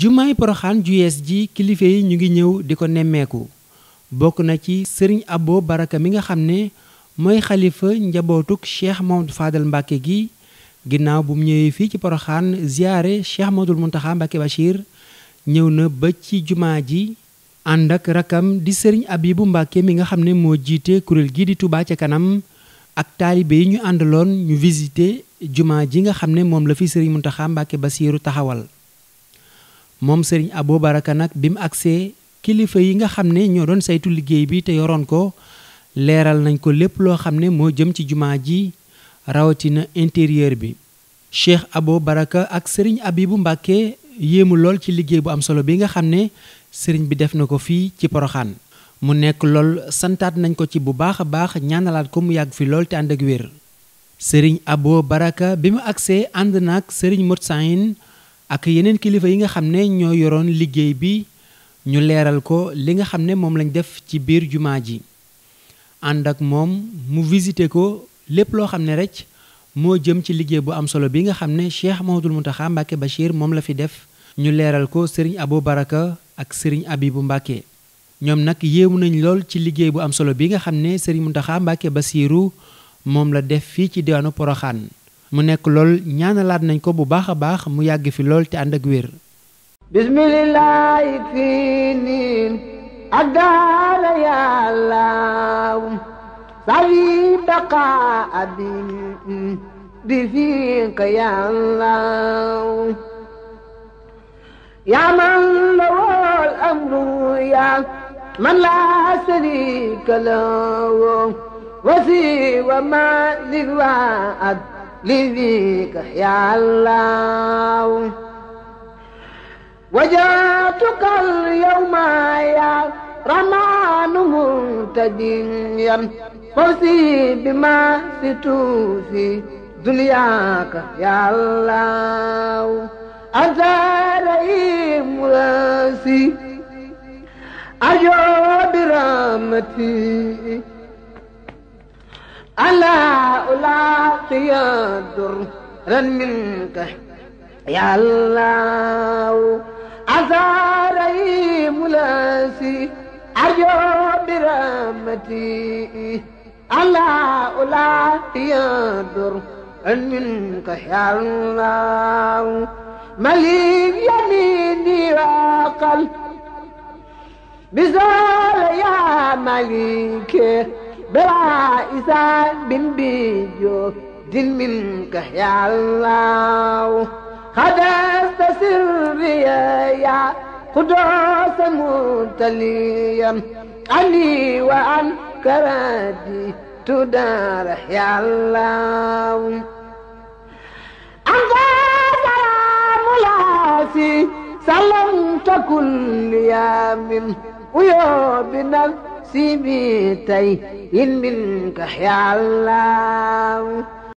jumaay poroxaan ju yees ji kilifa yi ñu ngi ñëw di ko nemmeeku bokk na ci sëriñ Abo Baraka mi nga xam ne mooy xalifa njabootuk cheikh Mamadou Fadal Mbàkke gi ginnaaw bu ñëwee fii ci poroxaan ziyaare cheikh Mamadou Muntaxa Mbàkke Bachir ñëw na ba ci jumaa ji ànd ak rakam di sëriñ bu Mbàkke mi nga xam ne moo jiite kuréel gi di Touba ca kanam ak taalibe yi ñu àndaloon ñu visité jumaa ji nga xam ne moom la fi sëriñ Muntaxa Mbàkke Basiiru taxawal moom sëriñ Abou Baraka nag bi mu agsee kilifa yi nga xam ne ñoo doon saytu liggéey bi te yoroon ko leeral nañ ko lépp loo xam ne moo jëm ci jumaa ji rawatina intérieur bi Cheikh Abou Baraka ak sëriñ bu Mbàkke yéemu lool ci liggéey bu am solo bi nga xam ne sëriñ bi def na ko fii ci Poroxaan mu nekk lool santaat nañ ko ci bu baax a baax ñaanalaat ko mu yàgg fi lool te ànd ak wér sëriñ Abou Baraka bi mu agsee ànd naag sëriñ Motsayin ak yeneen kilifa yi nga xam ne ñoo yoroon liggéey bi ñu leeral ko li nga xam ne moom lañu def ci biir jumaa ji ànd ak moom mu visité ko lépp loo xam ne rek moo jëm ci liggéey bu am solo bi nga xam ne Cheikh Mouhamadoul Mountakha Mbacké Bachir moom la fi def ñu leeral ko sëriñ abu Baraka ak sëriñ bu Mbacké ñoom nag yéemu nañ lool ci liggéey bu am solo bi nga xam ne sëriñ Mountakha Mbacké Bassirou moom la def fii ci diwaanu Poroxaan mu nekk lool ñaanalaat nañ ko bu baax a baax mu yàgg fi lool te ànd ak wér bismillaahi fii niin ak daala yàllaaw sawi baqaa abi bi fii ka yàllaaw yaa man lawool amru yaa man laa sariika law wasi wa ma lil waad لذيك يا الله وجاتك اليوم يا رمان منتديا فوزي بما ستوفي دنياك يا الله أنت رئيم راسي أجو برامتي ألا ألاقي درا منك يا الله أزاري ملاسي أرجو برحمتي ألا ألاقي درا منك يا الله مليك يميني وقل بزال يا مليكي بلا إسان بيجو دل منك يا الله خدست سري يا قدوس متليا علي وعن كرادي تدار يا الله أنت سلام لاسي سلمت كل يوم ويوم بنفسي نفسي بتي إن منك يا الله